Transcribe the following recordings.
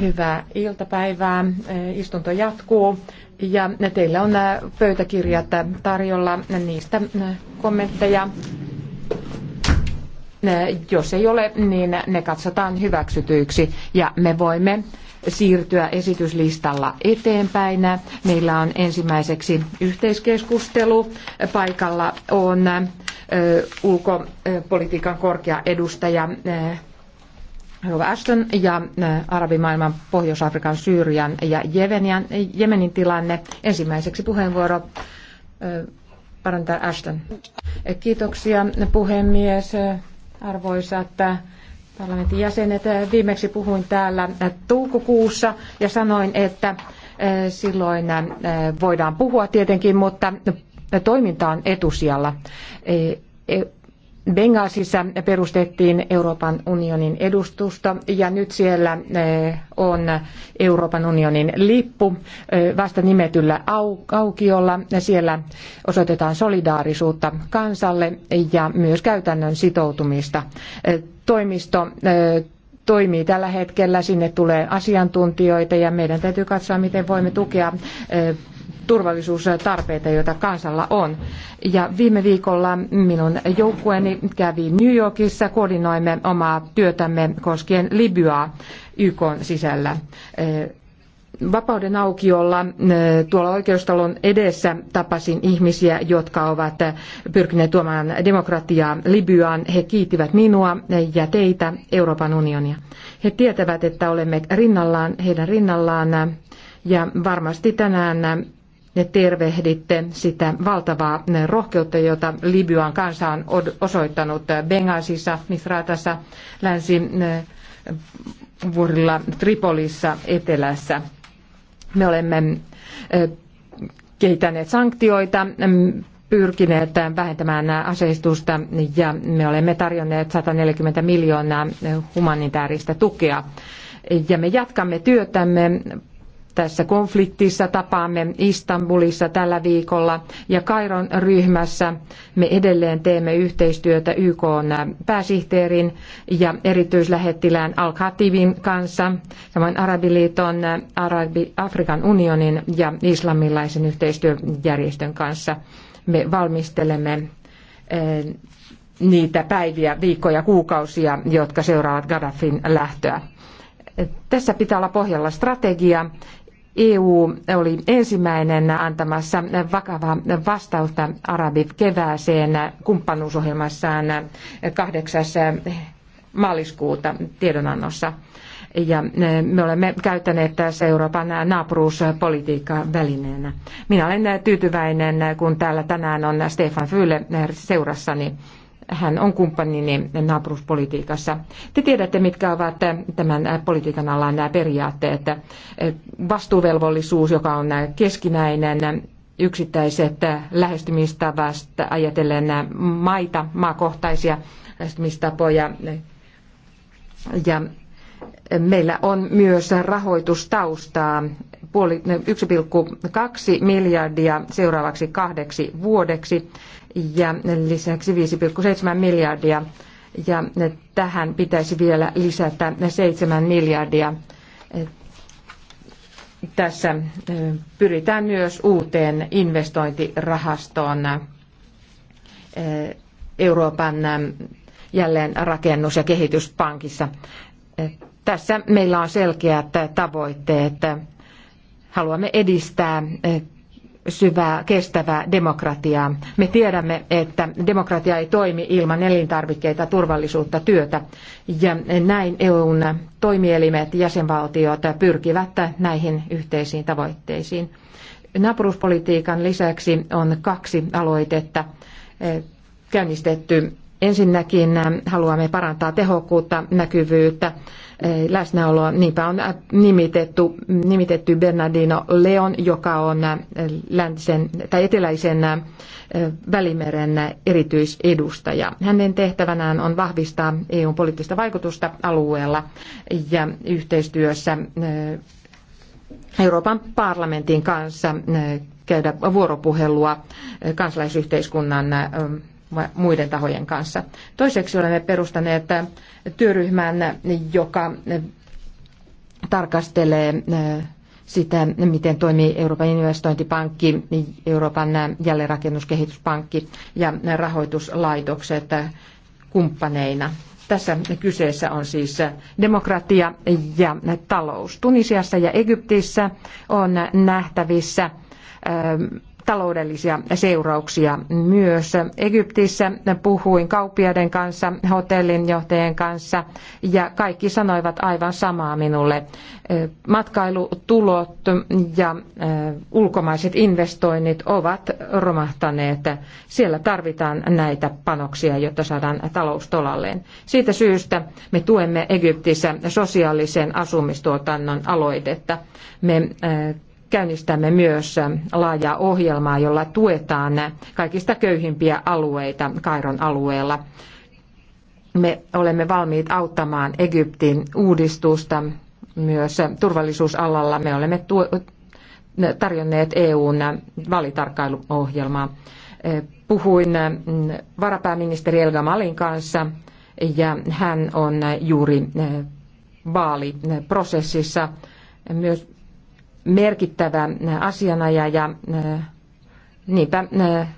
Hyvää iltapäivää. Istunto jatkuu ja teillä on äh, pöytäkirjat tarjolla niistä äh, kommentteja. Äh, jos ei ole, niin ne katsotaan hyväksytyiksi ja me voimme siirtyä esityslistalla eteenpäin. Meillä on ensimmäiseksi yhteiskeskustelu. Paikalla on ulkopolitiikan korkea edustaja Rova Ashton ja arabimaailman Pohjois-Afrikan, Syyrian ja Jemenian, Jemenin tilanne. Ensimmäiseksi puheenvuoro parantaa Ashton. Kiitoksia puhemies, arvoisat parlamentin jäsenet. Viimeksi puhuin täällä toukokuussa ja sanoin, että silloin voidaan puhua tietenkin, mutta toiminta on etusijalla. E, e, Bengasissa perustettiin Euroopan unionin edustusta ja nyt siellä eh, on Euroopan unionin lippu eh, vasta nimetyllä aukiolla. Siellä osoitetaan solidaarisuutta kansalle ja myös käytännön sitoutumista. Eh, toimisto toimii tällä hetkellä, sinne tulee asiantuntijoita ja meidän täytyy katsoa, miten voimme tukea turvallisuustarpeita, joita kansalla on. Ja viime viikolla minun joukkueeni kävi New Yorkissa, koordinoimme omaa työtämme koskien Libyaa YK sisällä. Eh, vapauden aukiolla eh, tuolla oikeustalon edessä tapasin ihmisiä, jotka ovat eh, pyrkineet tuomaan demokratiaa Libyaan. He kiittivät minua ja teitä Euroopan unionia. He tietävät, että olemme rinnallaan, heidän rinnallaan ja varmasti tänään tervehditte sitä valtavaa rohkeutta, jota Libyan kansa on osoittanut Bengasissa, Misratassa, länsi eh, vuorilla Tripolissa etelässä. Me olemme eh, kehittäneet sanktioita, mm, pyrkineet vähentämään aseistusta ja me olemme tarjonneet 140 miljoonaa humanitaarista tukea. Ja me jatkamme työtämme tässä konfliktissa. Tapaamme Istanbulissa tällä viikolla ja Kairon ryhmässä me edelleen teemme yhteistyötä YK pääsihteerin ja erityislähettilään Al-Khatibin kanssa, samoin Arabiliiton, Arabi, Afrikan unionin ja islamilaisen yhteistyöjärjestön kanssa. Me valmistelemme niitä päiviä, viikkoja, kuukausia, jotka seuraavat Gaddafin lähtöä. Tässä pitää olla pohjalla strategia, EU oli ensimmäinen antamassa vakavaa vastausta arabikevääseen kumppanuusohjelmassaan 8. maaliskuuta tiedonannossa. Ja me olemme käyttäneet tässä Euroopan naapuruuspolitiikkaa välineenä. Minä olen tyytyväinen, kun täällä tänään on Stefan Füle seurassani hän on kumppanini naapuruspolitiikassa. Te tiedätte, mitkä ovat tämän politiikan alan nämä periaatteet. Vastuuvelvollisuus, joka on keskinäinen, yksittäiset lähestymistavasta ajatellen maita, maakohtaisia lähestymistapoja. Ja meillä on myös rahoitustaustaa 1,2 miljardia seuraavaksi kahdeksi vuodeksi ja lisäksi 5,7 miljardia. Ja tähän pitäisi vielä lisätä 7 miljardia. Tässä pyritään myös uuteen investointirahastoon Euroopan jälleenrakennus- ja kehityspankissa. Tässä meillä on selkeät tavoitteet Haluamme edistää eh, syvää, kestävää demokratiaa. Me tiedämme, että demokratia ei toimi ilman elintarvikkeita, turvallisuutta, työtä. Ja näin EUn toimielimet, jäsenvaltiot pyrkivät näihin yhteisiin tavoitteisiin. Naapuruspolitiikan lisäksi on kaksi aloitetta eh, käynnistetty. Ensinnäkin haluamme parantaa tehokkuutta, näkyvyyttä läsnäoloa. Niinpä on äh, nimitetty, nimitetty Bernardino Leon, joka on äh, läntisen, tai eteläisen äh, välimeren erityisedustaja. Hänen tehtävänään on vahvistaa EUn poliittista vaikutusta alueella ja yhteistyössä Euroopan parlamentin kanssa käydä vuoropuhelua kansalaisyhteiskunnan muiden tahojen kanssa. Toiseksi olemme perustaneet työryhmän, joka tarkastelee sitä, miten toimii Euroopan investointipankki, Euroopan jälleenrakennuskehityspankki ja rahoituslaitokset kumppaneina. Tässä kyseessä on siis demokratia ja talous. Tunisiassa ja Egyptissä on nähtävissä taloudellisia seurauksia myös. Egyptissä puhuin kauppiaiden kanssa, hotellinjohtajien kanssa ja kaikki sanoivat aivan samaa minulle. Matkailutulot ja ulkomaiset investoinnit ovat romahtaneet. Siellä tarvitaan näitä panoksia, jotta saadaan talous tolalleen. Siitä syystä me tuemme Egyptissä sosiaalisen asumistuotannon aloitetta. Me käynnistämme myös laajaa ohjelmaa, jolla tuetaan kaikista köyhimpiä alueita Kairon alueella. Me olemme valmiit auttamaan Egyptin uudistusta myös turvallisuusalalla. Me olemme tarjonneet EUn valitarkkailuohjelmaa. Puhuin varapääministeri Elga Malin kanssa ja hän on juuri vaaliprosessissa myös merkittävä asianaja ja eh, niinpä eh,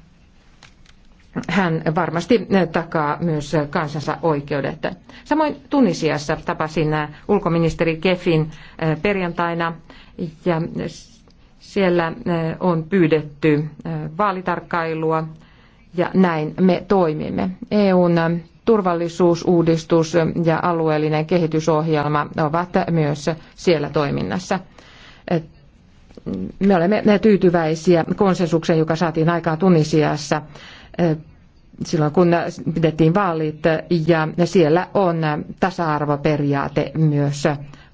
hän varmasti takaa myös kansansa oikeudet. Samoin Tunisiassa tapasin eh, ulkoministeri Kefin perjantaina ja siellä on pyydetty vaalitarkkailua ja näin me toimimme. EUn turvallisuusuudistus ja alueellinen kehitysohjelma ovat myös siellä toiminnassa me olemme tyytyväisiä konsensukseen, joka saatiin aikaan Tunisiassa silloin, kun pidettiin vaalit, ja siellä on tasa-arvoperiaate myös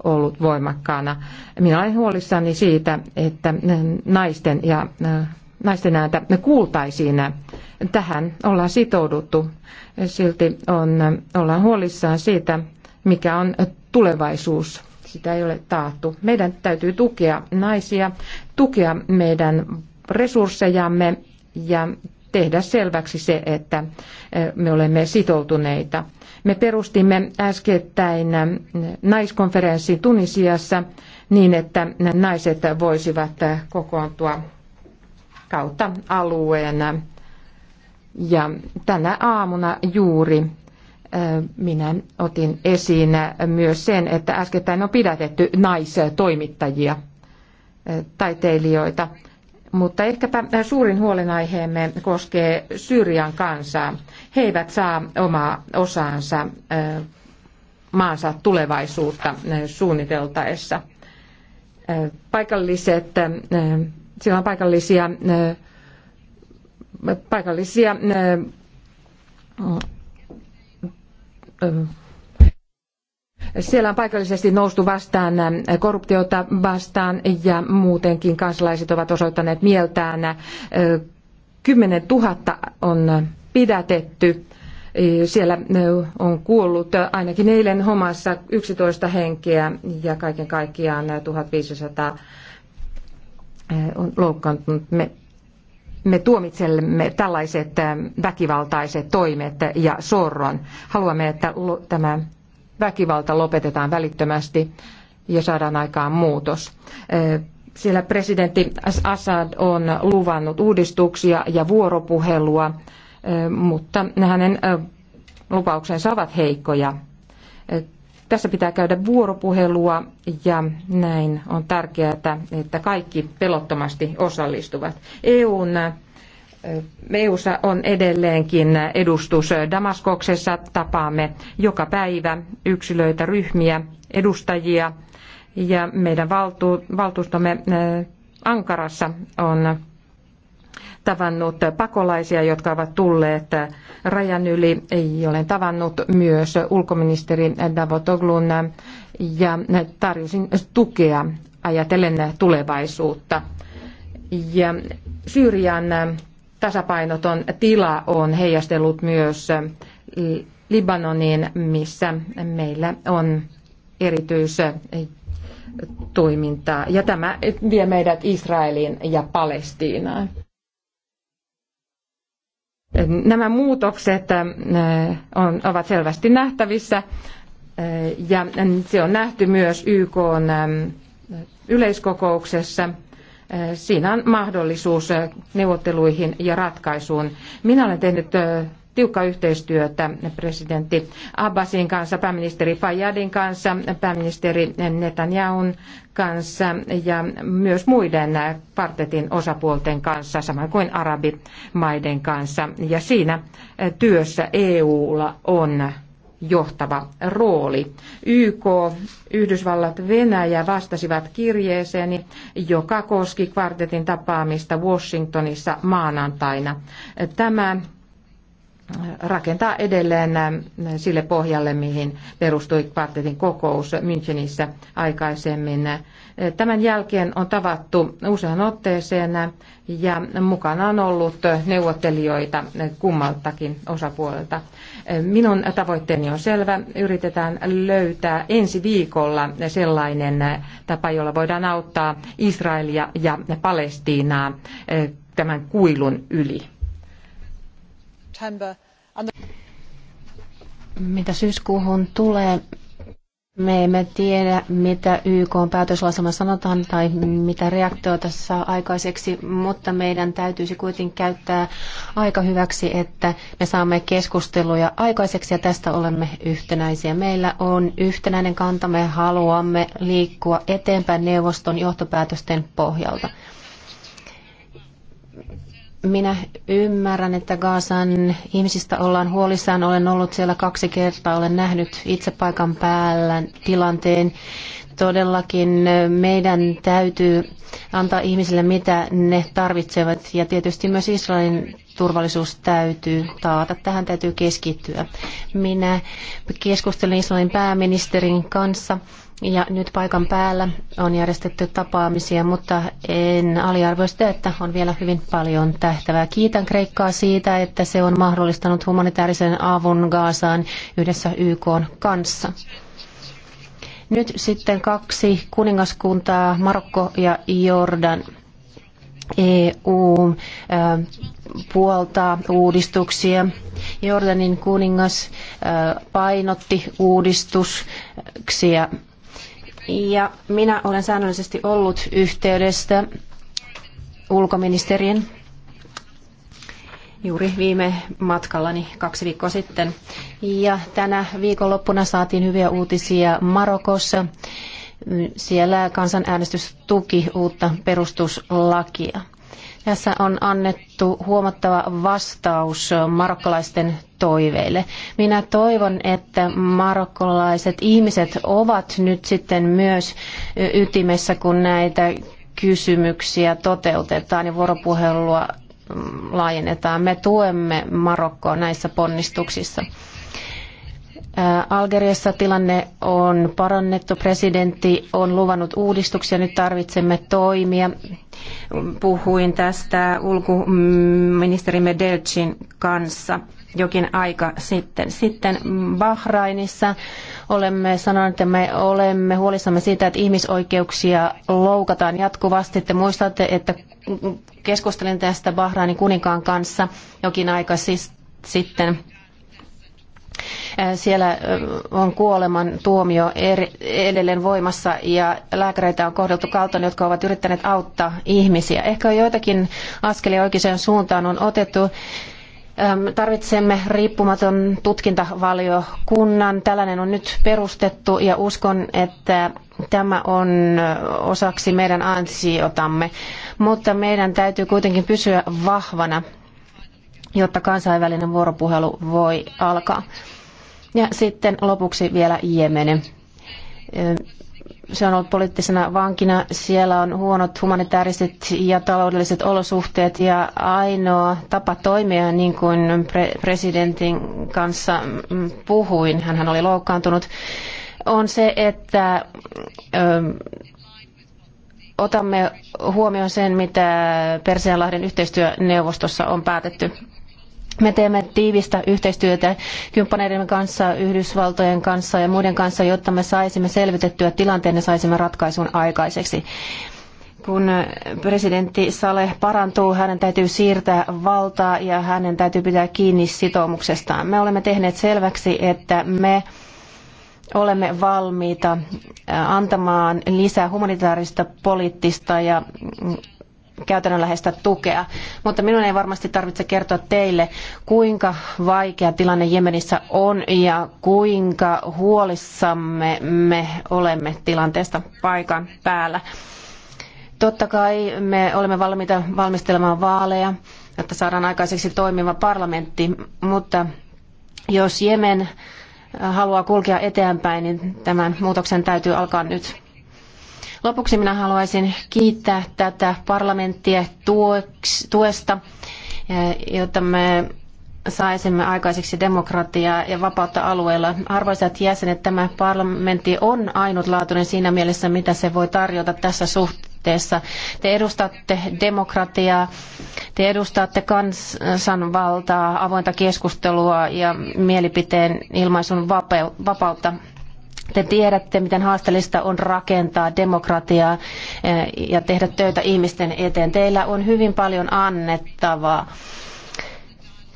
ollut voimakkaana. Minä olen huolissani siitä, että naisten ja naisten ääntä me kuultaisiin. Tähän ollaan sitouduttu. Silti on, ollaan huolissaan siitä, mikä on tulevaisuus sitä ei ole taattu. Meidän täytyy tukea naisia, tukea meidän resurssejamme ja tehdä selväksi se, että e, me olemme sitoutuneita. Me perustimme äskettäin e, naiskonferenssin Tunisiassa niin, että naiset voisivat e, kokoontua kautta alueen. Ja tänä aamuna juuri minä otin esiin myös sen, että äskettäin on pidätetty naistoimittajia, taiteilijoita. Mutta ehkäpä suurin huolenaiheemme koskee Syyrian kansaa. He eivät saa omaa osaansa maansa tulevaisuutta suunniteltaessa. Paikalliset, siellä on paikallisia, paikallisia siellä on paikallisesti noustu vastaan korruptiota vastaan ja muutenkin kansalaiset ovat osoittaneet mieltään. 10 000 on pidätetty. Siellä on kuollut ainakin eilen Homassa 11 henkeä ja kaiken kaikkiaan 1500 on loukkaantunut me tuomitsemme tällaiset väkivaltaiset toimet ja sorron. Haluamme, että tämä väkivalta lopetetaan välittömästi ja saadaan aikaan muutos. Siellä presidentti Assad on luvannut uudistuksia ja vuoropuhelua, mutta hänen lupauksensa ovat heikkoja. Tässä pitää käydä vuoropuhelua ja näin on tärkeää, että kaikki pelottomasti osallistuvat. EUn EUssa on edelleenkin edustus Damaskoksessa. Tapaamme joka päivä yksilöitä, ryhmiä, edustajia ja meidän valtu, valtuustomme Ankarassa on tavannut pakolaisia, jotka ovat tulleet rajan yli. Olen tavannut myös ulkoministeri Davotoglun ja tarjosin tukea ajatellen tulevaisuutta. Ja Syyrian tasapainoton tila on heijastellut myös Libanoniin, missä meillä on erityistoimintaa. Ja tämä vie meidät Israeliin ja Palestiinaan. Nämä muutokset äh, ovat selvästi nähtävissä äh, ja se on nähty myös YK ähm, yleiskokouksessa. Äh, siinä on mahdollisuus neuvotteluihin ja ratkaisuun. Minä olen tehnyt tiukka yhteistyötä presidentti Abbasin kanssa, pääministeri Fayyadin kanssa, pääministeri Netanyahun kanssa ja myös muiden partetin osapuolten kanssa, samoin kuin arabimaiden kanssa. Ja siinä työssä EUlla on johtava rooli. YK, Yhdysvallat, Venäjä vastasivat kirjeeseeni, joka koski kvartetin tapaamista Washingtonissa maanantaina. Tämä rakentaa edelleen sille pohjalle, mihin perustui kvartetin kokous Münchenissä aikaisemmin. Tämän jälkeen on tavattu usean otteeseen ja mukana on ollut neuvottelijoita kummaltakin osapuolelta. Minun tavoitteeni on selvä. Yritetään löytää ensi viikolla sellainen tapa, jolla voidaan auttaa Israelia ja Palestiinaa tämän kuilun yli september and the... Mitä syyskuuhun tulee, me emme tiedä, mitä YK on päätöslauselma sanotaan tai mitä reaktioita saa aikaiseksi, mutta meidän täytyisi kuitenkin käyttää aika hyväksi, että me saamme keskusteluja aikaiseksi ja tästä olemme yhtenäisiä. Meillä on yhtenäinen kanta, me haluamme liikkua eteenpäin neuvoston johtopäätösten pohjalta. Minä ymmärrän, että Gaasan ihmisistä ollaan huolissaan. Olen ollut siellä kaksi kertaa, olen nähnyt itse paikan päällä tilanteen. Todellakin meidän täytyy antaa ihmisille, mitä ne tarvitsevat. Ja tietysti myös Israelin turvallisuus täytyy taata. Tähän täytyy keskittyä. Minä keskustelin Israelin pääministerin kanssa ja nyt paikan päällä on järjestetty tapaamisia, mutta en aliarvioi sitä, että on vielä hyvin paljon tähtävää. Kiitän Kreikkaa siitä, että se on mahdollistanut humanitaarisen avun Gaasaan yhdessä YK kanssa. Nyt sitten kaksi kuningaskuntaa, Marokko ja Jordan. EU puoltaa uudistuksia. Jordanin kuningas painotti uudistuksia ja minä olen säännöllisesti ollut yhteydessä ulkoministerin juuri viime matkallani kaksi viikkoa sitten. Ja tänä viikonloppuna saatiin hyviä uutisia Marokossa. Siellä kansanäänestys tuki uutta perustuslakia. Tässä on annettu huomattava vastaus marokkolaisten toiveille. Minä toivon, että marokkolaiset ihmiset ovat nyt sitten myös ytimessä, kun näitä kysymyksiä toteutetaan ja vuoropuhelua laajennetaan. Me tuemme Marokkoa näissä ponnistuksissa. Algeriassa tilanne on parannettu, presidentti on luvannut uudistuksia, nyt tarvitsemme toimia. Puhuin tästä ulkoministeri Medelcin kanssa jokin aika sitten. Sitten Bahrainissa olemme sanoneet, että me olemme huolissamme siitä, että ihmisoikeuksia loukataan jatkuvasti. Te muistatte, että keskustelin tästä Bahrainin kuninkaan kanssa jokin aika sitten Äh, siellä äh, on kuoleman tuomio edelleen voimassa ja lääkäreitä on kohdeltu kaltoin, jotka ovat yrittäneet auttaa ihmisiä. Ehkä joitakin askelia oikeaan suuntaan on otettu. Ähm, tarvitsemme riippumaton tutkintavaliokunnan. Tällainen on nyt perustettu ja uskon, että tämä on äh, osaksi meidän ansiotamme. Mutta meidän täytyy kuitenkin pysyä vahvana, jotta kansainvälinen vuoropuhelu voi alkaa. Ja sitten lopuksi vielä Jemen. Se on ollut poliittisena vankina. Siellä on huonot humanitaariset ja taloudelliset olosuhteet ja ainoa tapa toimia, niin kuin pre- presidentin kanssa puhuin, hän oli loukkaantunut, on se, että otamme huomioon sen, mitä Persianlahden yhteistyöneuvostossa on päätetty. Me teemme tiivistä yhteistyötä kumppaneidemme kanssa, Yhdysvaltojen kanssa ja muiden kanssa, jotta me saisimme selvitettyä tilanteen ja saisimme ratkaisun aikaiseksi. Kun presidentti Saleh parantuu, hänen täytyy siirtää valtaa ja hänen täytyy pitää kiinni sitoumuksestaan. Me olemme tehneet selväksi, että me olemme valmiita antamaan lisää humanitaarista, poliittista ja käytännönläheistä tukea. Mutta minun ei varmasti tarvitse kertoa teille, kuinka vaikea tilanne Jemenissä on ja kuinka huolissamme me olemme tilanteesta paikan päällä. Totta kai me olemme valmiita valmistelemaan vaaleja, jotta saadaan aikaiseksi toimiva parlamentti, mutta jos Jemen haluaa kulkea eteenpäin, niin tämän muutoksen täytyy alkaa nyt. Lopuksi minä haluaisin kiittää tätä parlamenttia tuesta, jota me saisimme aikaiseksi demokratiaa ja vapautta alueella. Arvoisat jäsenet, tämä parlamentti on ainutlaatuinen siinä mielessä, mitä se voi tarjota tässä suhteessa. Te edustatte demokratiaa, te edustatte kansanvaltaa, avointa keskustelua ja mielipiteen ilmaisun vapautta. Te tiedätte, miten haasteellista on rakentaa demokratiaa eh, ja tehdä töitä ihmisten eteen. Teillä on hyvin paljon annettavaa.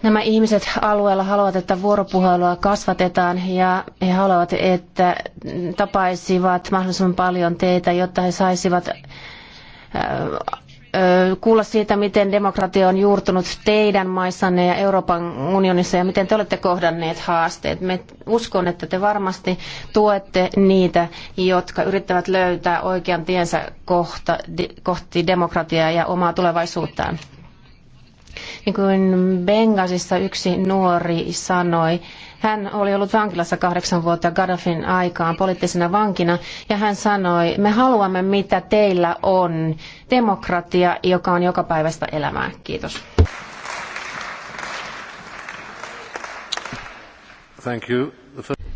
Nämä ihmiset alueella haluavat, että vuoropuhelua kasvatetaan ja he haluavat, että tapaisivat mahdollisimman paljon teitä, jotta he saisivat eh, kuulla siitä, miten demokratia on juurtunut teidän maissanne ja Euroopan unionissa ja miten te olette kohdanneet haasteet. Me uskon, että te varmasti tuette niitä, jotka yrittävät löytää oikean tiensä kohta, kohti demokratiaa ja omaa tulevaisuuttaan. Niin kuin Bengasissa yksi nuori sanoi, hän oli ollut vankilassa kahdeksan vuotta Gaddafin aikaan poliittisena vankina ja hän sanoi, me haluamme mitä teillä on, demokratia, joka on jokapäiväistä elämää. Kiitos. Thank you.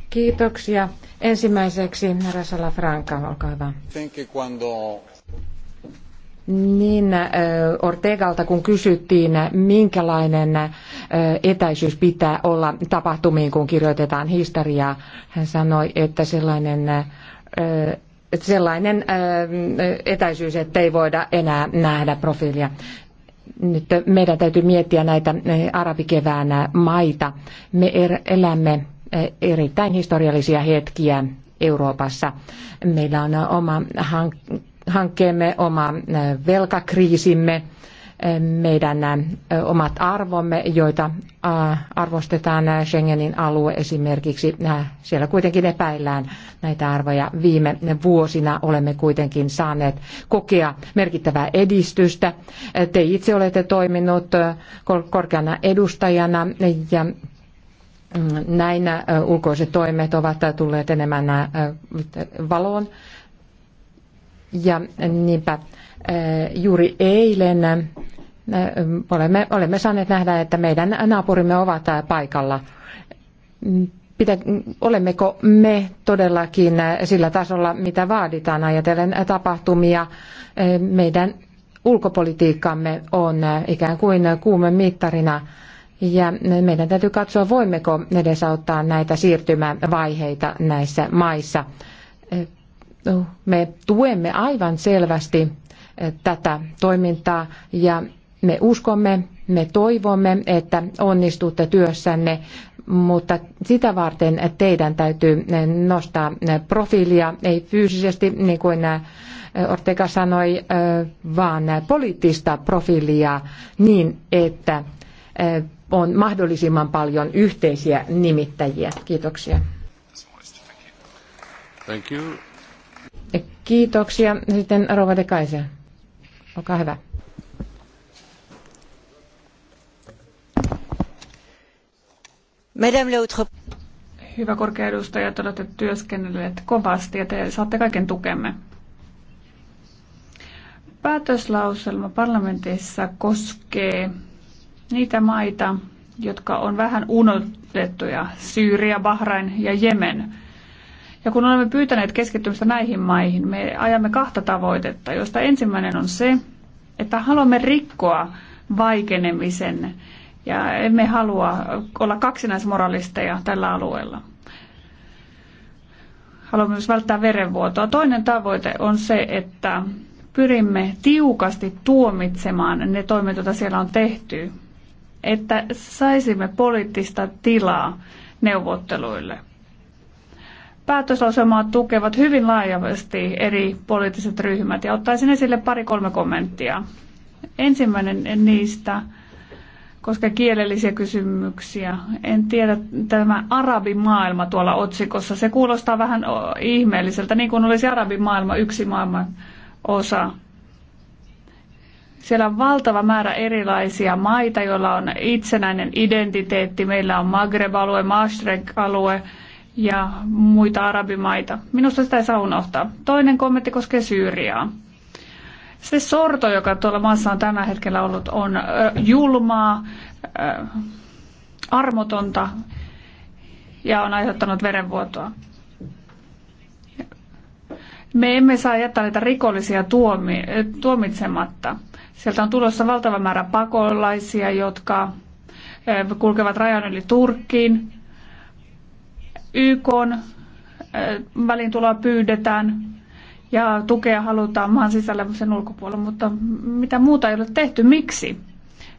Kiitoksia. Ensimmäiseksi herra Salafranca, olkaa hyvä niin Ortegalta, kun kysyttiin, minkälainen etäisyys pitää olla tapahtumiin, kun kirjoitetaan historiaa, hän sanoi, että sellainen, että sellainen etäisyys, ei voida enää nähdä profiilia. Nyt meidän täytyy miettiä näitä arabikevään maita. Me er, elämme erittäin historiallisia hetkiä Euroopassa. Meillä on oma hank- hankkeemme, oma velkakriisimme, meidän omat arvomme, joita arvostetaan Schengenin alue esimerkiksi. Siellä kuitenkin epäillään näitä arvoja. Viime vuosina olemme kuitenkin saaneet kokea merkittävää edistystä. Te itse olette toiminut korkeana edustajana ja mm, näin ulkoiset toimet ovat tulleet enemmän valoon ja niinpä eh, juuri eilen eh, olemme, olemme saaneet nähdä, että meidän naapurimme ovat eh, paikalla. Pitä, olemmeko me todellakin sillä tasolla, mitä vaaditaan ajatellen tapahtumia? Meidän ulkopolitiikkamme on ikään kuin mittarina ja meidän täytyy katsoa, voimmeko edesauttaa näitä siirtymävaiheita näissä maissa me tuemme aivan selvästi eh, tätä toimintaa ja me uskomme, me toivomme, että onnistutte työssänne, mutta sitä varten teidän täytyy eh, nostaa eh, profiilia, ei fyysisesti niin kuin Ortega sanoi, vaan poliittista profiilia niin, että on mahdollisimman paljon yhteisiä nimittäjiä. Kiitoksia. Thank you. Kiitoksia. Sitten Rova de Kaiser. Olkaa hyvä. Madame Loutre. Hyvä korkea edustaja, te olette työskennelleet kovasti ja te saatte kaiken tukemme. Päätöslauselma parlamentissa koskee niitä maita, jotka on vähän unohdettuja, Syyria, Bahrain ja Jemen – ja kun olemme pyytäneet keskittymistä näihin maihin, me ajamme kahta tavoitetta, joista ensimmäinen on se, että haluamme rikkoa vaikenemisen ja emme halua olla kaksinaismoralisteja tällä alueella. Haluamme myös välttää verenvuotoa. Toinen tavoite on se, että pyrimme tiukasti tuomitsemaan ne toimet, joita siellä on tehty, että saisimme poliittista tilaa neuvotteluille – päätöslauselmaa tukevat hyvin laajasti eri poliittiset ryhmät ja ottaisin esille pari-kolme kommenttia. Ensimmäinen niistä koska kielellisiä kysymyksiä. En tiedä, tämä arabimaailma tuolla otsikossa, se kuulostaa vähän ihmeelliseltä, niin kuin olisi arabimaailma yksi maailman osa. Siellä on valtava määrä erilaisia maita, joilla on itsenäinen identiteetti. Meillä on Maghreb-alue, Maastrek-alue, ja muita arabimaita. Minusta sitä ei saa unohtaa. Toinen kommentti koskee Syyriaa. Se sorto, joka tuolla maassa on tällä hetkellä ollut, on julmaa, armotonta ja on aiheuttanut verenvuotoa. Me emme saa jättää niitä rikollisia tuomi, tuomitsematta. Sieltä on tulossa valtava määrä pakolaisia, jotka kulkevat rajan yli Turkkiin. YK välintuloa pyydetään ja tukea halutaan maan sisällä sen ulkopuolella, mutta mitä muuta ei ole tehty. Miksi?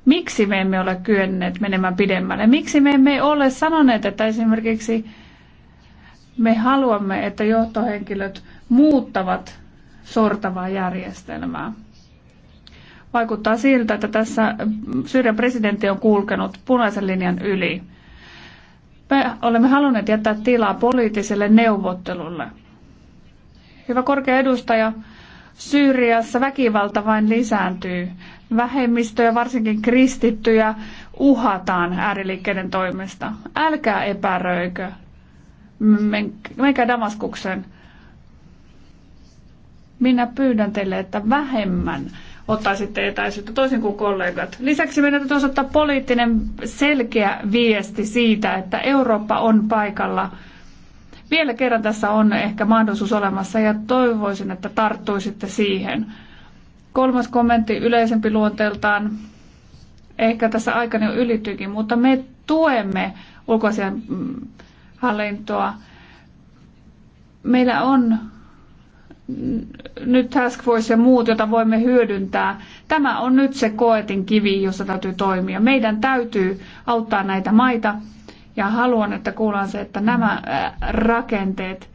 Miksi me emme ole kyenneet menemään pidemmälle? Miksi me emme ole sanoneet, että esimerkiksi me haluamme, että johtohenkilöt muuttavat sortavaa järjestelmää? Vaikuttaa siltä, että tässä Syyrian presidentti on kulkenut punaisen linjan yli. Me olemme halunneet jättää tilaa poliittiselle neuvottelulle. Hyvä korkea edustaja, Syyriassa väkivalta vain lisääntyy. Vähemmistöjä, varsinkin kristittyjä, uhataan ääriliikkeiden toimesta. Älkää epäröikö. Menkää Damaskuksen. Minä pyydän teille, että vähemmän sitten etäisyyttä, toisin kuin kollegat. Lisäksi meidän täytyy osoittaa poliittinen selkeä viesti siitä, että Eurooppa on paikalla. Vielä kerran tässä on ehkä mahdollisuus olemassa ja toivoisin, että tarttuisitte siihen. Kolmas kommentti yleisempi luonteeltaan. Ehkä tässä aikana jo ylittyykin, mutta me tuemme ulkoisen mm, hallintoa. Meillä on nyt Task Force ja muut, joita voimme hyödyntää. Tämä on nyt se koetin kivi, jossa täytyy toimia. Meidän täytyy auttaa näitä maita ja haluan, että kuullaan se, että nämä äh, rakenteet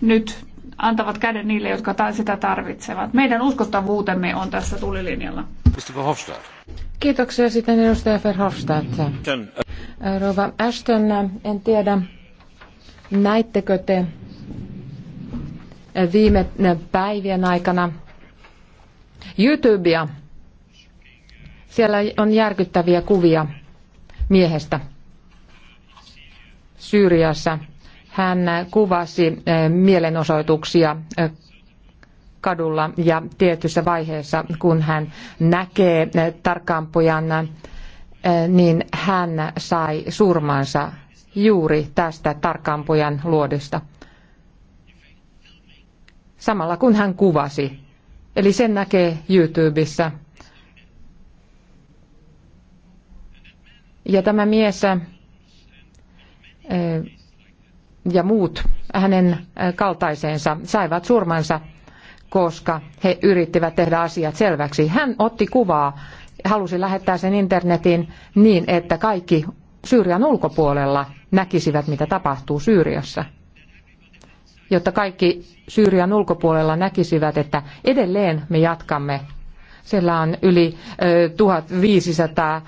nyt antavat käden niille, jotka sitä tarvitsevat. Meidän uskottavuutemme on tässä tulilinjalla. Kiitoksia sitten edustaja Verhofstadt. Rova Ashton, en tiedä, näittekö te viime päivien aikana YouTubea. Siellä on järkyttäviä kuvia miehestä Syyriassa. Hän kuvasi eh, mielenosoituksia eh, kadulla ja tietyssä vaiheessa, kun hän näkee eh, tarkkaampujan, niin hän sai surmansa juuri tästä tarkkaampujan luodosta samalla kun hän kuvasi. Eli sen näkee YouTubessa. Ja tämä mies äh, ja muut hänen äh, kaltaiseensa saivat surmansa, koska he yrittivät tehdä asiat selväksi. Hän otti kuvaa, halusi lähettää sen internetin niin, että kaikki Syyrian ulkopuolella näkisivät, mitä tapahtuu Syyriassa jotta kaikki Syyrian ulkopuolella näkisivät, että edelleen me jatkamme. Siellä on yli 1500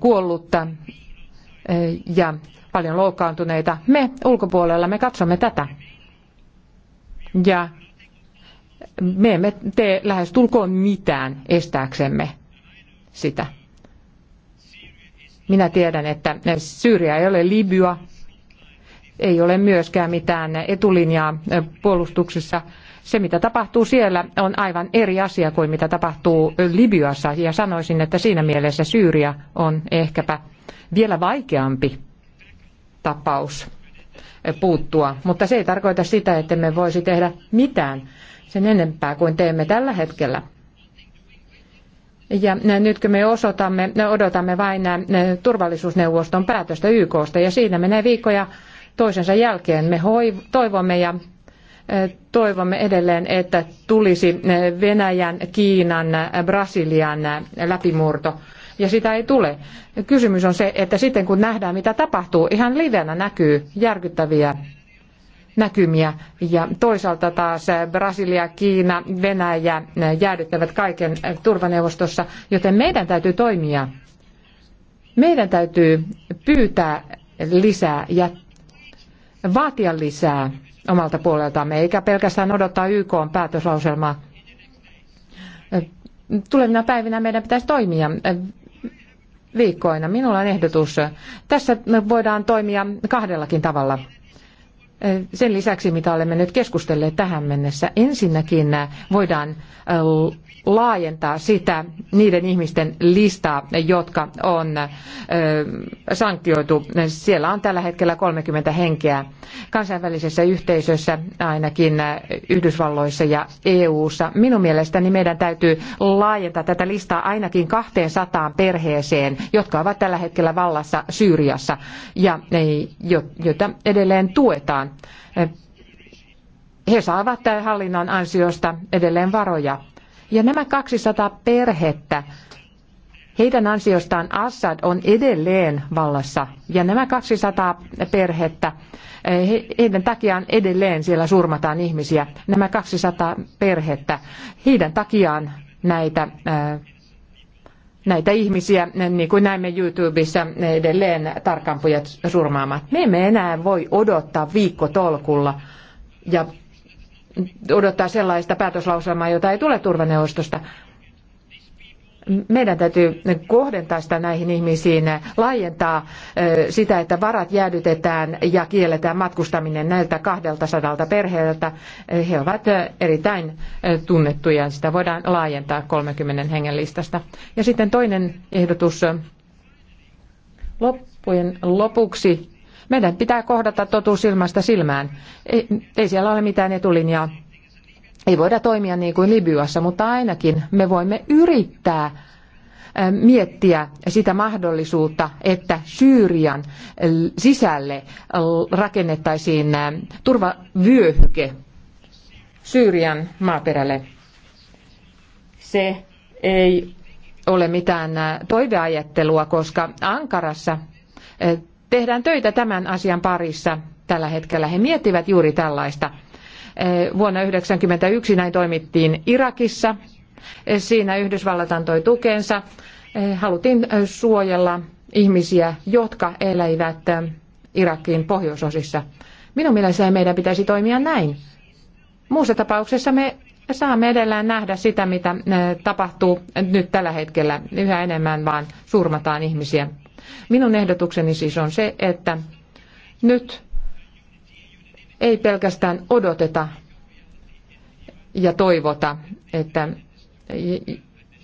kuollutta ja paljon loukkaantuneita. Me ulkopuolella me katsomme tätä. Ja me emme tee lähes tulkoon mitään estääksemme sitä. Minä tiedän, että Syyria ei ole Libya, ei ole myöskään mitään etulinjaa puolustuksessa. Se, mitä tapahtuu siellä, on aivan eri asia kuin mitä tapahtuu Libyassa. Ja sanoisin, että siinä mielessä Syyria on ehkäpä vielä vaikeampi tapaus puuttua. Mutta se ei tarkoita sitä, että me voisi tehdä mitään sen enempää kuin teemme tällä hetkellä. Ja nyt kun me osoitamme, odotamme vain turvallisuusneuvoston päätöstä YKsta ja siinä menee viikkoja toisensa jälkeen. Me toivomme ja toivomme edelleen, että tulisi Venäjän, Kiinan, Brasilian läpimurto. Ja sitä ei tule. Kysymys on se, että sitten kun nähdään mitä tapahtuu, ihan livenä näkyy järkyttäviä näkymiä. Ja toisaalta taas Brasilia, Kiina, Venäjä jäädyttävät kaiken turvaneuvostossa, joten meidän täytyy toimia. Meidän täytyy pyytää lisää ja vaatia lisää omalta puoleltamme, eikä pelkästään odottaa YK päätöslauselmaa. Tulevina päivinä meidän pitäisi toimia viikkoina. Minulla on ehdotus. Tässä voidaan toimia kahdellakin tavalla sen lisäksi, mitä olemme nyt keskustelleet tähän mennessä, ensinnäkin voidaan laajentaa sitä niiden ihmisten listaa, jotka on sanktioitu. Siellä on tällä hetkellä 30 henkeä kansainvälisessä yhteisössä, ainakin Yhdysvalloissa ja EU:ssa. Minun mielestäni meidän täytyy laajentaa tätä listaa ainakin 200 perheeseen, jotka ovat tällä hetkellä vallassa Syyriassa ja joita edelleen tuetaan he saavat hallinnon ansiosta edelleen varoja. Ja nämä 200 perhettä, heidän ansiostaan Assad on edelleen vallassa. Ja nämä 200 perhettä, heidän takiaan edelleen siellä surmataan ihmisiä. Nämä 200 perhettä, heidän takiaan näitä äh, näitä ihmisiä, niin kuin näemme YouTubessa, edelleen tarkampujat surmaamat. Me emme enää voi odottaa viikkotolkulla ja odottaa sellaista päätöslauselmaa, jota ei tule turvaneuvostosta meidän täytyy kohdentaa sitä näihin ihmisiin, laajentaa sitä, että varat jäädytetään ja kielletään matkustaminen näiltä 200 perheeltä. He ovat erittäin tunnettuja, sitä voidaan laajentaa 30 hengen listasta. Ja sitten toinen ehdotus loppujen lopuksi. Meidän pitää kohdata totuus silmästä silmään. Ei, ei siellä ole mitään etulinjaa ei voida toimia niin kuin Libyassa, mutta ainakin me voimme yrittää miettiä sitä mahdollisuutta, että Syyrian sisälle rakennettaisiin turvavyöhyke Syyrian maaperälle. Se ei ole mitään toiveajattelua, koska Ankarassa tehdään töitä tämän asian parissa tällä hetkellä. He miettivät juuri tällaista Eh, vuonna 1991 näin toimittiin Irakissa. Eh, siinä Yhdysvallat antoi tukensa. Eh, haluttiin suojella ihmisiä, jotka eläivät Irakin pohjoisosissa. Minun mielestäni meidän pitäisi toimia näin. Muussa tapauksessa me saamme edelleen nähdä sitä, mitä tapahtuu nyt tällä hetkellä. Yhä enemmän vaan surmataan ihmisiä. Minun ehdotukseni siis on se, että nyt ei pelkästään odoteta ja toivota, että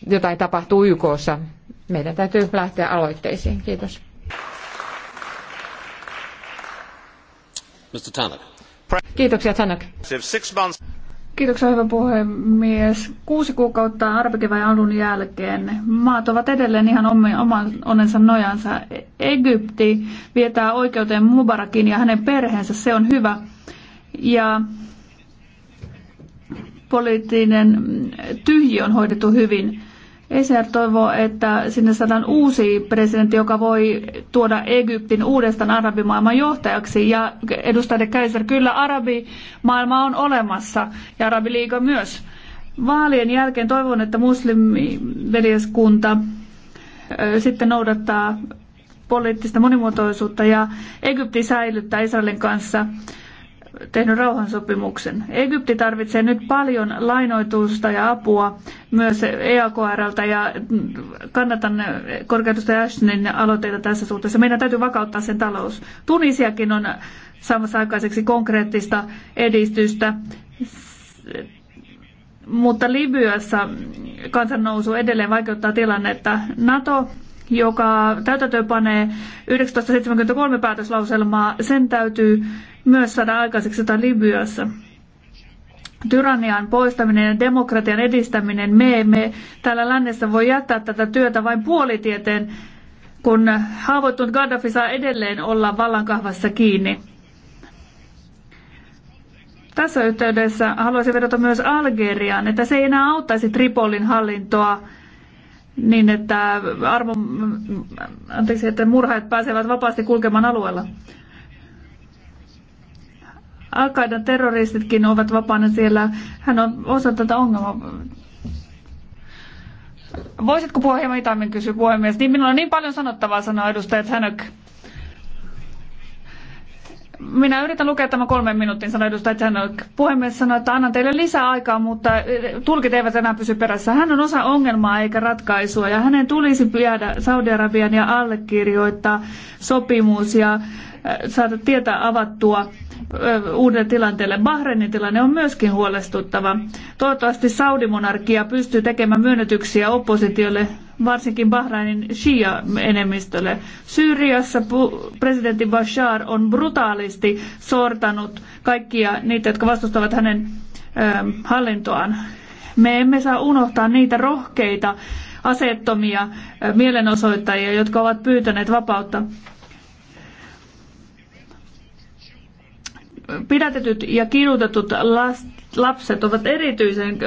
jotain tapahtuu YKssa. Meidän täytyy lähteä aloitteisiin. Kiitos. Mr. Tanak. Kiitoksia, Tanak. Kiitoksia, hyvä puhemies. Kuusi kuukautta arabikevään alun jälkeen maat ovat edelleen ihan oman onnensa nojansa. Egypti vietää oikeuteen Mubarakin ja hänen perheensä, se on hyvä. Ja poliittinen tyhjiö on hoidettu hyvin. Eser toivoo, että sinne saadaan uusi presidentti, joka voi tuoda Egyptin uudestaan arabimaailman johtajaksi. Ja edustajat Kaiser, kyllä arabimaailma on olemassa ja arabiliiga myös. Vaalien jälkeen toivon, että muslimiveljeskunta sitten noudattaa poliittista monimuotoisuutta ja Egypti säilyttää Israelin kanssa tehnyt rauhansopimuksen. Egypti tarvitsee nyt paljon lainoitusta ja apua myös EAKRlta ja kannatan korkeudusta Ashtonin aloitteita tässä suhteessa. Meidän täytyy vakauttaa sen talous. Tunisiakin on saamassa aikaiseksi konkreettista edistystä, mutta Libyassa kansannousu edelleen vaikeuttaa tilannetta. NATO joka täytäntöönpanee 1973 päätöslauselmaa, sen täytyy myös saada aikaiseksi jotain Libyassa. Tyrannian poistaminen ja demokratian edistäminen, me emme täällä lännessä voi jättää tätä työtä vain puolitieteen, kun haavoittunut Gaddafi saa edelleen olla vallankahvassa kiinni. Tässä yhteydessä haluaisin vedota myös Algeriaan, että se ei enää auttaisi Tripolin hallintoa niin, että, armo anteeksi, että murhaajat pääsevät vapaasti kulkemaan alueella. al terroristitkin ovat vapaana siellä. Hän on osa tätä ongelmaa. Voisitko puhua hieman itämin, kysyy puhemies. Niin minulla on niin paljon sanottavaa, sanoa edustajat Hänök. Minä yritän lukea tämän kolmen minuutin, sanoi edustaja Chanok. Puhemies sanoi, että annan teille lisää aikaa, mutta eh, tulkit eivät enää pysy perässä. Hän on osa ongelmaa eikä ratkaisua ja hänen tulisi jäädä Saudi-Arabian ja allekirjoittaa sopimus ja eh, saada tietä avattua eh, uuden tilanteelle. Bahreinin tilanne on myöskin huolestuttava. Toivottavasti Saudi Monarkia pystyy tekemään myönnytyksiä oppositiolle varsinkin Bahrainin Shia-enemmistölle. Syyriassa presidentti Bashar on brutaalisti sortanut kaikkia niitä, jotka vastustavat hänen ähm, hallintoaan. Me emme saa unohtaa niitä rohkeita, aseettomia äh, mielenosoittajia, jotka ovat pyytäneet vapautta. Pidätetyt ja kidutetut lapset ovat erityisen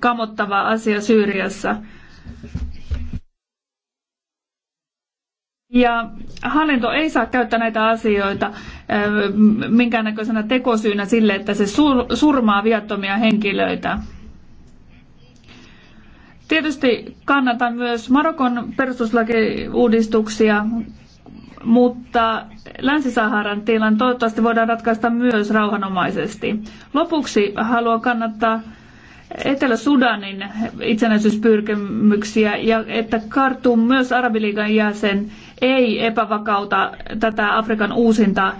kamottava asia Syyriassa. Ja hallinto ei saa käyttää näitä asioita minkäännäköisenä tekosyynä sille, että se surmaa viattomia henkilöitä. Tietysti kannatan myös Marokon perustuslakiuudistuksia, mutta Länsi-Saharan tilan toivottavasti voidaan ratkaista myös rauhanomaisesti. Lopuksi haluan kannattaa Etelä-Sudanin itsenäisyyspyrkimyksiä ja että kartuu myös Arabiliikan jäsen ei epävakauta tätä Afrikan uusinta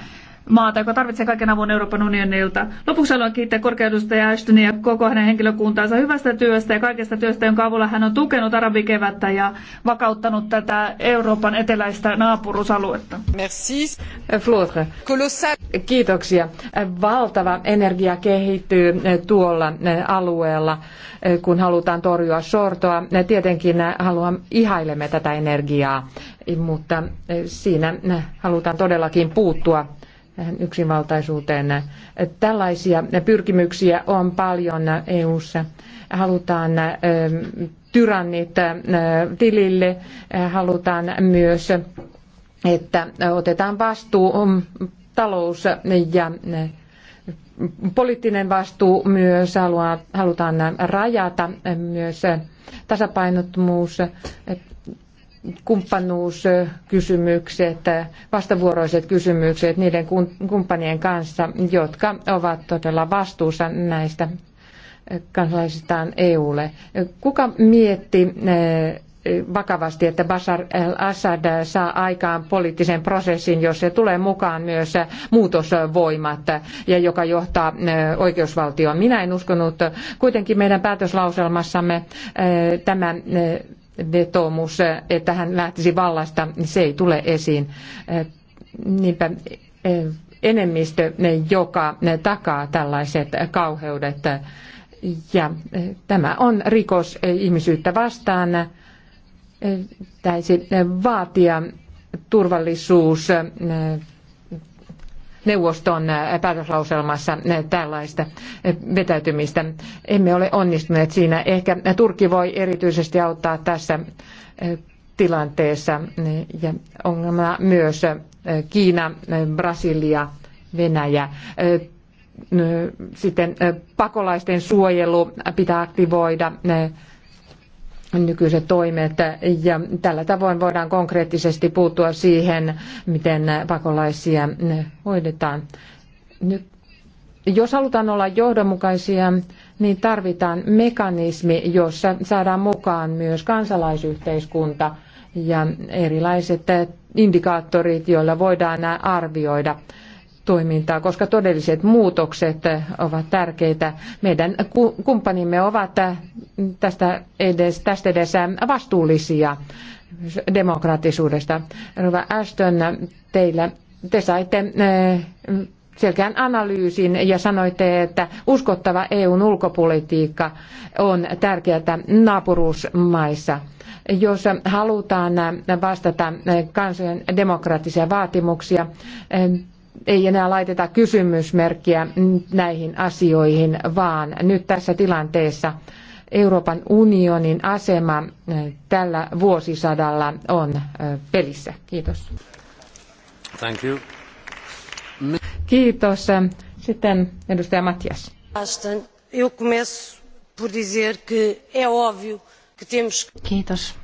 maata, joka tarvitsee kaiken avun Euroopan unionilta. Lopuksi haluan kiittää korkeudustaja Ashtonia ja koko hänen henkilökuntaansa hyvästä työstä ja kaikesta työstä, jonka avulla hän on tukenut arabikevättä ja vakauttanut tätä Euroopan eteläistä naapurusaluetta. Merci. Kiitoksia. Valtava energia kehittyy tuolla alueella, kun halutaan torjua sortoa. Tietenkin haluan, ihailemme tätä energiaa, mutta siinä halutaan todellakin puuttua tähän yksinvaltaisuuteen. Tällaisia pyrkimyksiä on paljon EU:ssa. Halutaan ähm, tyrannit äh, tilille, halutaan myös, että otetaan vastuu mm, talous ja äh, poliittinen vastuu myös halutaan rajata myös äh, tasapainottomuus kumppanuuskysymykset, vastavuoroiset kysymykset niiden kumppanien kanssa, jotka ovat todella vastuussa näistä kansalaisistaan EUlle. Kuka mietti eh, vakavasti, että Bashar al-Assad saa aikaan poliittisen prosessin, jos se tulee mukaan myös muutosvoimat ja joka johtaa eh, oikeusvaltioon. Minä en uskonut. Kuitenkin meidän päätöslauselmassamme eh, tämä vetomus, eh, että hän lähtisi vallasta, niin se ei tule esiin. Eh, niinpä eh, enemmistö, joka takaa tällaiset kauheudet. Ja tämä on rikos ihmisyyttä vastaan. Täisi vaatia turvallisuus neuvoston päätöslauselmassa tällaista vetäytymistä. Emme ole onnistuneet siinä. Ehkä Turkki voi erityisesti auttaa tässä tilanteessa. Ja ongelmana myös Kiina, Brasilia, Venäjä. Sitten pakolaisten suojelu pitää aktivoida nykyiset toimet ja tällä tavoin voidaan konkreettisesti puuttua siihen, miten pakolaisia hoidetaan. Nyt, jos halutaan olla johdonmukaisia, niin tarvitaan mekanismi, jossa saadaan mukaan myös kansalaisyhteiskunta ja erilaiset indikaattorit, joilla voidaan arvioida toimintaa, koska todelliset muutokset ovat tärkeitä. Meidän kumppanimme ovat tästä edes, tästä edes vastuullisia demokraattisuudesta. Rova Ashton, teillä, te saitte eh, selkeän analyysin ja sanoitte, että uskottava EUn ulkopolitiikka on tärkeää naapuruusmaissa. Jos halutaan vastata kansojen demokraattisia vaatimuksia, eh, ei enää laiteta kysymysmerkkiä näihin asioihin, vaan nyt tässä tilanteessa Euroopan unionin asema eh, tällä vuosisadalla on eh, pelissä. Kiitos. Thank you. Kiitos. Sitten edustaja Matias. Kiitos.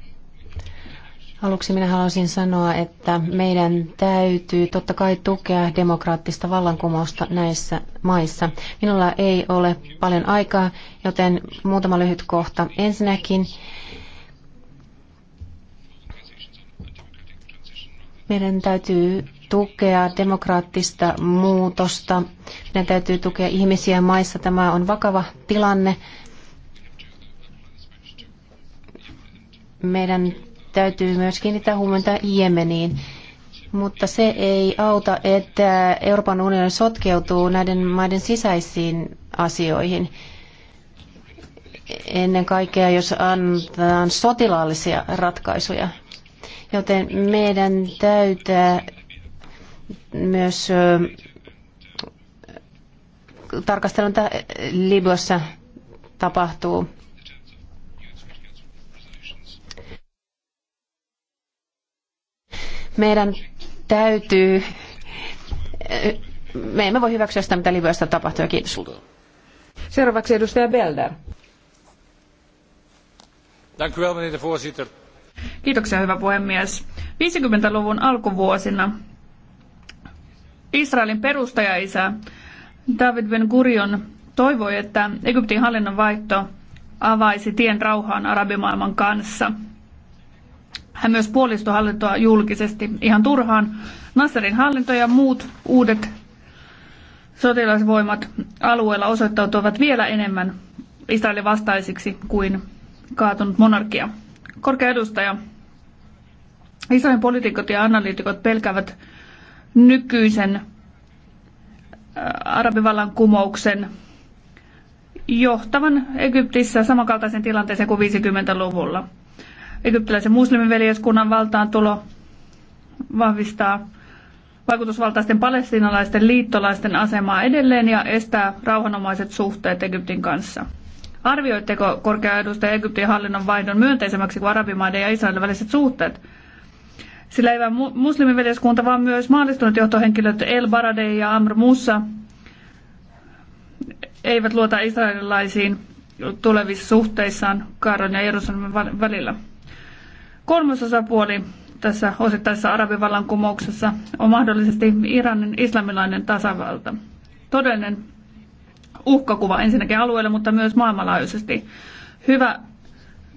Aluksi minä haluaisin sanoa, että meidän täytyy totta kai tukea demokraattista vallankumousta näissä maissa. Minulla ei ole paljon aikaa, joten muutama lyhyt kohta. Ensinnäkin meidän täytyy tukea demokraattista muutosta. Meidän täytyy tukea ihmisiä maissa. Tämä on vakava tilanne. Meidän täytyy myös kiinnittää huomiota Jemeniin. Mutta se ei auta, että Euroopan unioni sotkeutuu näiden maiden sisäisiin asioihin. Ennen kaikkea, jos annetaan sotilaallisia ratkaisuja. Joten meidän täytyy myös tarkastella, mitä Libyassa tapahtuu Meidän täytyy, eh, me emme voi hyväksyä sitä, mitä Libyassa tapahtuu. Kiitos. Seuraavaksi edustaja Belder. Kiitoksia, hyvä puhemies. 50-luvun alkuvuosina Israelin perustajaisä David Ben Gurion toivoi, että Egyptin hallinnon vaihto avaisi tien rauhaan arabimaailman kanssa – hän myös puolisto hallintoa julkisesti ihan turhaan. Nasserin hallinto ja muut uudet sotilasvoimat alueella osoittautuivat vielä enemmän Israelin vastaisiksi kuin kaatunut monarkia. Korkea edustaja, Israelin poliitikot ja analyytikot pelkäävät nykyisen äh, arabivallan kumouksen johtavan Egyptissä samankaltaisen tilanteeseen kuin 50-luvulla. Egyptiläisen muslimiveljeskunnan valtaantulo vahvistaa vaikutusvaltaisten palestiinalaisten liittolaisten asemaa edelleen ja estää rauhanomaiset suhteet Egyptin kanssa. Arvioitteko korkea edustaja Egyptin hallinnon vaihdon myönteisemmäksi kuin arabimaiden ja Israelin väliset suhteet? Sillä ei vain muslimiveljeskunta, vaan myös maallistunut johtohenkilöt El Baradei ja Amr Musa eivät luota israelilaisiin tulevissa suhteissaan Kaaron ja Jerusalemin välillä osapuoli tässä osittaisessa arabivallankumouksessa on mahdollisesti Iranin islamilainen tasavalta. Todellinen uhkakuva ensinnäkin alueelle, mutta myös maailmanlaajuisesti. Hyvä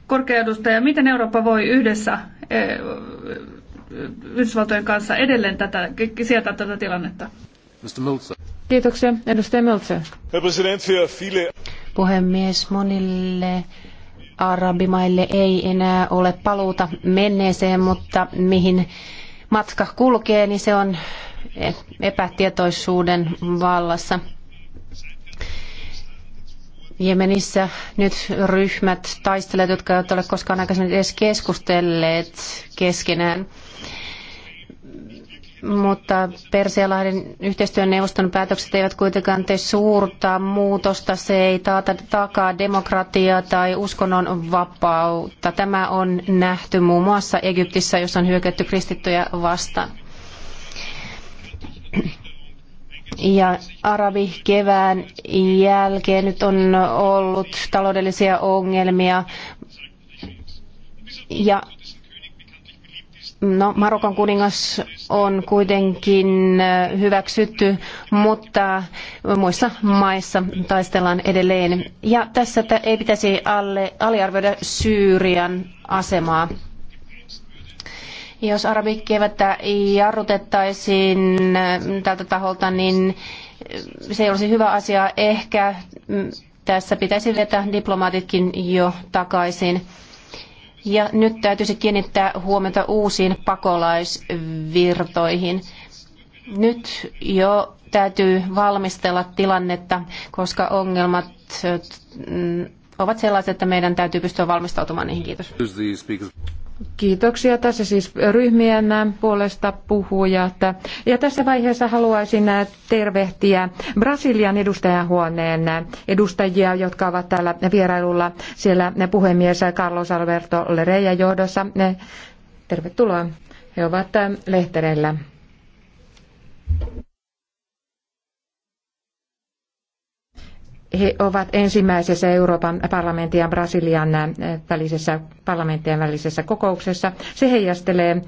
korkeaedustaja, miten Eurooppa voi yhdessä eh, Yhdysvaltojen kanssa edelleen tätä, sietää tätä tilannetta? Kiitoksia. Edustaja Möltse. Puhemies, monille arabimaille ei enää ole paluuta menneeseen, mutta mihin matka kulkee, niin se on epätietoisuuden vallassa. Jemenissä nyt ryhmät taistelevat, jotka eivät ole koskaan aikaisemmin edes keskustelleet keskenään mutta Persialahden yhteistyön neuvoston päätökset eivät kuitenkaan tee suurta muutosta. Se ei taata, takaa demokratiaa tai uskonnon vapautta. Tämä on nähty muun muassa Egyptissä, jossa on hyökätty kristittyjä vastaan. Ja arabi kevään jälkeen nyt on ollut taloudellisia ongelmia ja No, Marokon kuningas on kuitenkin hyväksytty, mutta muissa maissa taistellaan edelleen. Ja tässä ei pitäisi alle, aliarvioida Syyrian asemaa. Jos arabikievättä jarrutettaisiin tältä taholta, niin se olisi hyvä asia. Ehkä tässä pitäisi vetää diplomaatitkin jo takaisin. Ja nyt täytyisi kiinnittää huomiota uusiin pakolaisvirtoihin. Nyt jo täytyy valmistella tilannetta, koska ongelmat mm, ovat sellaiset, että meidän täytyy pystyä valmistautumaan niihin. Kiitos. Kiitoksia. Tässä siis ryhmien puolesta puhujat. Ja tässä vaiheessa haluaisin tervehtiä Brasilian edustajahuoneen edustajia, jotka ovat täällä vierailulla. Siellä puhemies Carlos Alberto Lereja johdossa. Tervetuloa. He ovat lehterellä. He ovat ensimmäisessä Euroopan parlamentin ja Brasilian välisessä parlamenttien välisessä kokouksessa. Se heijastelee